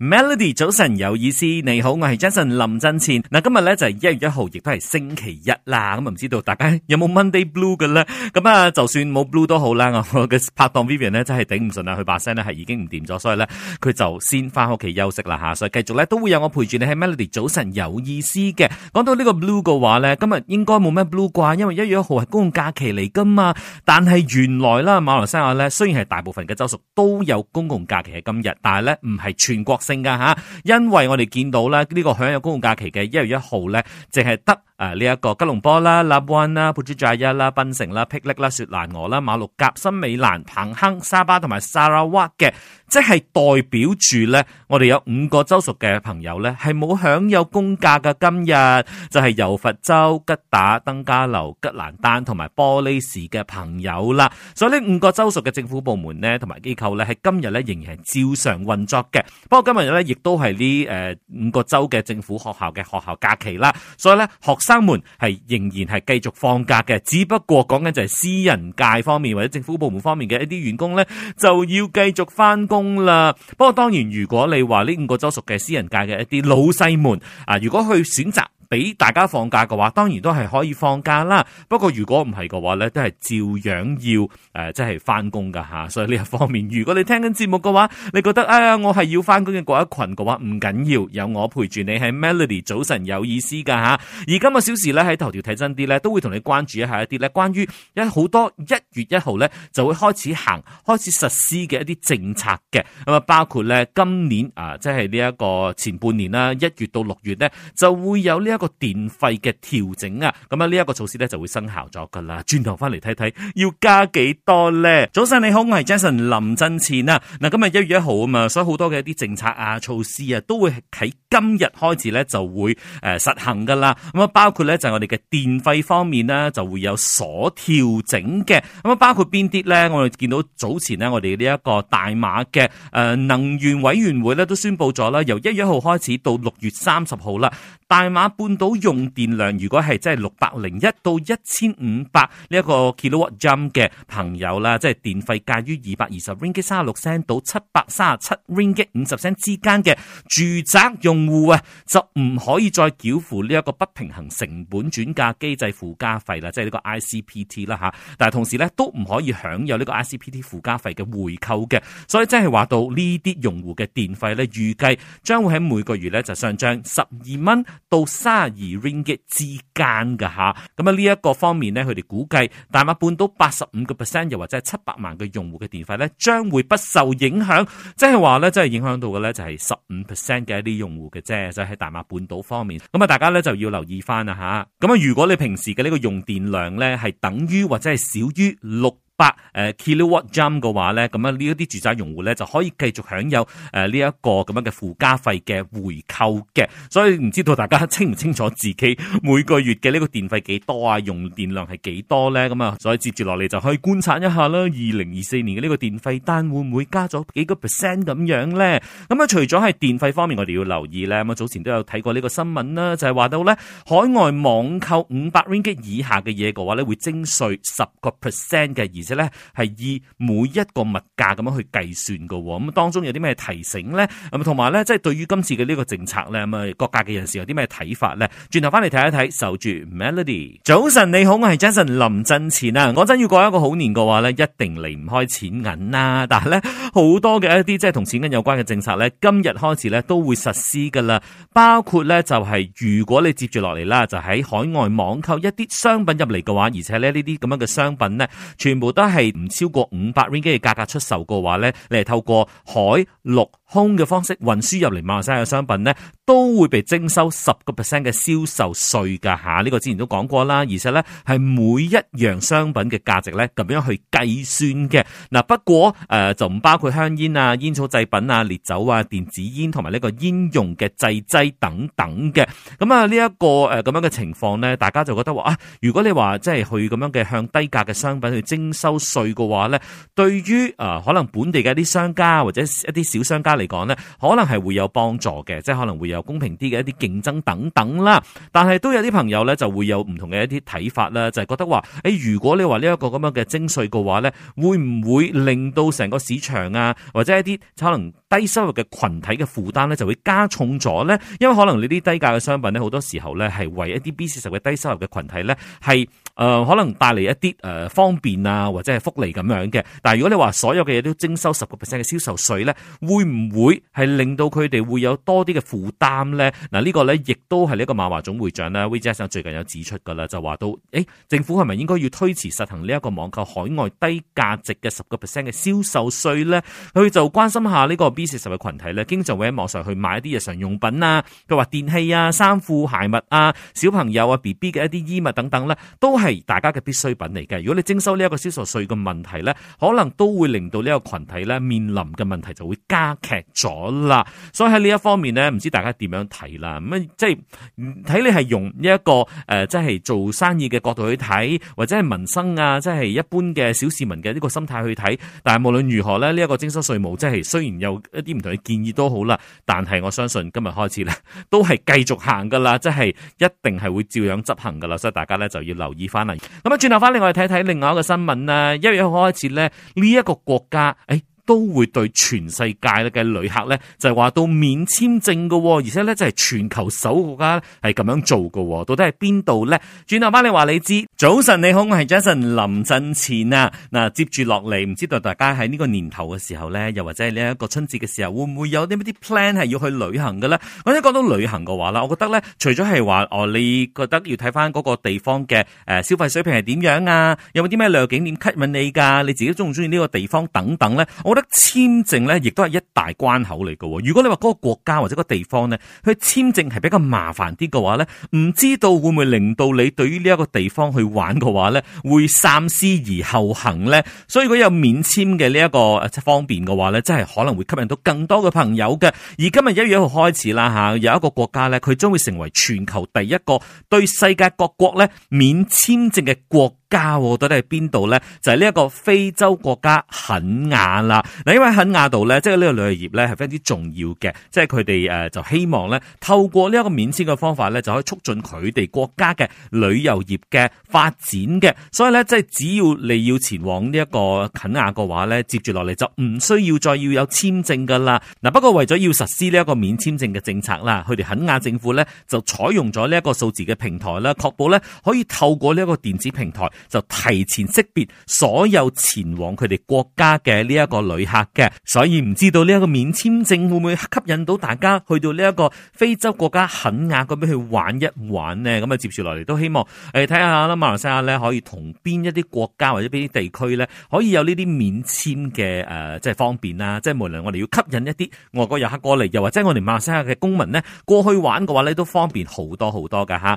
Melody 早晨有意思，你好，我係 Jason 林振前。嗱，今日咧就係一月一號，亦都係星期一啦。咁啊，唔知道大家有冇 Monday Blue 嘅咧？咁啊，就算冇 Blue 都好啦。我嘅拍檔 Vivian 咧真係頂唔順啦，佢把聲咧係已經唔掂咗，所以咧佢就先翻屋企休息啦吓。所以繼續咧都會有我陪住你喺 Melody 早晨有意思嘅。講到呢個 Blue 嘅話咧，今日應該冇咩 Blue 啩，因為一月一號係公共假期嚟噶嘛。但係原來啦，馬來西亞咧雖然係大部分嘅州屬都有公共假期係今日，但係咧唔係全國。性噶吓，因為我哋見到咧呢個享有公共假期嘅一月一號咧，淨係得呢一個吉隆坡啦、Labuan 啦、Putrajaya 啦、檳城啦、霹靂啦、雪蘭莪啦、馬六甲、森美蘭、彭亨、沙巴同埋砂拉越嘅，即係代表住咧，我哋有五個州屬嘅朋友咧，係冇享有公假嘅。今日就係、是、柔佛州、吉打、登嘉樓、吉蘭丹同埋玻璃市嘅朋友啦。所以呢五個州屬嘅政府部門咧，同埋機構咧，係今日咧仍然係照常運作嘅。不過今日咧，亦都係呢誒五個州嘅政府學校嘅學校假期啦。所以咧，學生。他們係仍然係繼續放假嘅，只不過講緊就係私人界方面或者政府部門方面嘅一啲員工呢，就要繼續翻工啦。不過當然，如果你話呢五個州屬嘅私人界嘅一啲老細們啊，如果去選擇。俾大家放假嘅話，當然都係可以放假啦。不過如果唔係嘅話呢，都係照樣要誒，即係翻工噶吓。所以呢一方面，如果你聽緊節目嘅話，你覺得誒、哎，我係要翻工嘅嗰一群嘅話，唔緊要，有我陪住你喺 Melody 早晨有意思噶吓。而今個小時呢，喺頭條睇真啲呢，都會同你關注一下一啲呢，關於一好多一月一號呢，就會開始行開始實施嘅一啲政策嘅，咁啊，包括呢今年啊，即係呢一個前半年啦，一月到六月呢，就會有呢、這、一個。個電費嘅調整啊，咁啊呢一個措施咧就會生效咗噶啦。轉頭翻嚟睇睇，要加幾多咧？早晨你好，我係 Jason 林振前啊。嗱，今日一月一號啊嘛，所以好多嘅一啲政策啊、措施啊，都會喺今日開始咧就會誒實行噶啦。咁啊，包括咧就係我哋嘅電費方面呢，就會有所調整嘅。咁啊，包括邊啲咧？我哋見到早前呢，我哋呢一個大馬嘅誒能源委員會咧都宣布咗啦，由一月一號開始到六月三十號啦。大馬半島用電量如果係即係六百零一到一千五百呢一個 kilowatt jam 嘅朋友啦，即係電費介於二百二十 ringgit 三十六 cent 到七百三十七 ringgit 五十 cent 之間嘅住宅用戶啊，就唔可以再繳付呢一個不平衡成本轉嫁機制附加費啦，即係呢個 ICPT 啦嚇。但係同時咧都唔可以享有呢個 ICPT 附加費嘅回扣嘅，所以即係話到呢啲用戶嘅電費咧，預計將會喺每個月咧就上漲十二蚊。到卅二 Ringgit 之間嘅吓，咁啊呢一個方面咧，佢哋估計大馬半島八十五個 percent，又或者係七百萬嘅用戶嘅電費咧，將會不受影響，即係話咧，即係影響到嘅咧就係十五 percent 嘅一啲用戶嘅啫，就喺、是、大馬半島方面，咁啊大家咧就要留意翻啦吓，咁啊如果你平時嘅呢個用電量咧係等於或者係少於六百誒 kilo watt jump 嘅話咧，咁啊呢一啲住宅用戶咧就可以繼續享有誒呢一個咁樣嘅附加費嘅回扣嘅。所以唔知道大家清唔清楚自己每個月嘅呢個電費幾多啊，用電量係幾多咧？咁啊，所以接住落嚟就可以觀察一下啦。二零二四年嘅呢個電費單會唔會加咗幾個 percent 咁樣咧？咁啊，除咗係電費方面，我哋要留意咧。咁啊，早前都有睇過呢個新聞啦，就係、是、話到咧海外網購五百 ringgit 以下嘅嘢嘅話咧，會徵稅十個 percent 嘅，而且。咧係以每一個物價咁樣去計算噶喎。咁當中有啲咩提醒呢？咁同埋呢，即係對於今次嘅呢個政策呢，咁啊，各界嘅人士有啲咩睇法呢？轉頭翻嚟睇一睇，守住 Melody，早晨你好，我係 Jason 林振前啊！講真要過一個好年嘅話呢，一定離唔開錢銀啦。但係呢，好多嘅一啲即係同錢銀有關嘅政策呢，今日開始呢都會實施噶啦，包括呢，就係如果你接住落嚟啦，就喺海外網購一啲商品入嚟嘅話，而且呢，呢啲咁樣嘅商品呢，全部，都係唔超過五百 ringgit 嘅價格出售嘅話咧，你係透過海陸空嘅方式運輸入嚟馬來西亞嘅商品呢，都會被徵收十個 percent 嘅銷售稅㗎吓。呢個之前都講過啦，而且呢係每一樣商品嘅價值呢，咁樣去計算嘅嗱。不過誒、呃、就唔包括香煙啊、煙草製品啊、烈酒啊、電子煙同埋呢個煙用嘅製劑等等嘅。咁啊呢一個誒咁、呃、樣嘅情況呢，大家就覺得話啊，如果你話即係去咁樣嘅向低價嘅商品去徵收稅嘅話呢，對於啊、呃、可能本地嘅一啲商家或者一啲小商家嚟嚟講咧，可能係會有幫助嘅，即係可能會有公平啲嘅一啲競爭等等啦。但係都有啲朋友咧，就會有唔同嘅一啲睇法啦，就係、是、覺得話，誒，如果你話呢一個咁樣嘅徵稅嘅話咧，會唔會令到成個市場啊，或者一啲可能低收入嘅群體嘅負擔咧，就會加重咗咧。因為可能呢啲低價嘅商品咧，好多時候咧係為一啲 B、C、十嘅低收入嘅群體咧，係、呃、誒可能帶嚟一啲誒、呃、方便啊，或者係福利咁樣嘅。但係如果你話所有嘅嘢都徵收十個 percent 嘅銷售稅咧，會唔會係令到佢哋會有多啲嘅負擔咧？嗱，這個，呢個咧亦都係呢一個馬華總會長咧，Wee 先生最近有指出噶啦，就話到誒，政府係咪應該要推遲實行呢一個網購海外低價值嘅十個 percent 嘅銷售稅咧？佢就關心一下呢、這個四十嘅群體咧，經常會喺網上去買一啲日常用品啊，譬如話電器啊、衫褲鞋襪啊、小朋友啊、B B 嘅一啲衣物等等咧，都係大家嘅必需品嚟嘅。如果你徵收呢一個銷售稅嘅問題咧，可能都會令到呢個群體咧面臨嘅問題就會加劇咗啦。所以喺呢一方面咧，唔知大家點樣睇啦？咁啊，即係睇你係用呢一個誒、呃，即係做生意嘅角度去睇，或者係民生啊，即係一般嘅小市民嘅呢個心態去睇。但係無論如何咧，呢一個徵收稅務即係雖然有。一啲唔同嘅建議都好啦，但係我相信今日開始咧，都係繼續行噶啦，即係一定係會照樣執行噶啦，所以大家咧就要留意翻嚟。咁啊，轉頭翻嚟我哋睇睇另外一個新聞啦。一月一號開始咧，呢一個國家，誒。都會對全世界嘅旅客呢，就係、是、話到免簽證喎、哦。而且呢，就係、是、全球首個國家係咁樣做喎、哦。到底係邊度呢？轉頭翻你話你知。早晨你好，我係 Jason 林振前啊。嗱，接住落嚟，唔知道大家喺呢個年頭嘅時候呢，又或者呢一個春節嘅時候，會唔會有啲乜啲 plan 係要去旅行嘅呢？或者講到旅行嘅話啦，我覺得呢，除咗係話哦，你覺得要睇翻嗰個地方嘅誒、呃、消費水平係點樣啊？有冇啲咩旅遊景點吸引你噶？你自己中唔中意呢個地方等等呢。我覺得簽證咧，亦都係一大關口嚟喎。如果你話嗰個國家或者個地方咧，佢簽證係比較麻煩啲嘅話咧，唔知道會唔會令到你對於呢一個地方去玩嘅話咧，會三思而後行咧。所以如果有免簽嘅呢一個誒方便嘅話咧，真係可能會吸引到更多嘅朋友嘅。而今日一月一號開始啦吓，有一個國家咧，佢將會成為全球第一個對世界各國咧免簽證嘅國家。家，到底係邊度呢？就係呢一個非洲國家肯亞啦。嗱，因為肯亞度呢，即係呢個旅遊業呢，係非常之重要嘅。即係佢哋誒，就希望呢，透過呢一個免簽嘅方法呢，就可以促進佢哋國家嘅旅遊業嘅發展嘅。所以呢，即係只要你要前往呢一個肯亞嘅話呢，接住落嚟就唔需要再要有簽證噶啦。嗱，不過為咗要實施呢一個免簽證嘅政策啦，佢哋肯亞政府呢，就採用咗呢一個數字嘅平台啦，確保呢可以透過呢一個電子平台。就提前識別所有前往佢哋國家嘅呢一個旅客嘅，所以唔知道呢一個免簽證會唔會吸引到大家去到呢一個非洲國家肯亞嗰邊去玩一玩呢？咁啊，接住落嚟都希望誒，睇下啦，馬來西亞咧可以同邊一啲國家或者邊啲地區咧可以有呢啲免簽嘅誒，即係方便啦，即係無論我哋要吸引一啲外國遊客過嚟，又或者我哋馬來西亞嘅公民呢，過去玩嘅話咧，都方便好多好多㗎吓。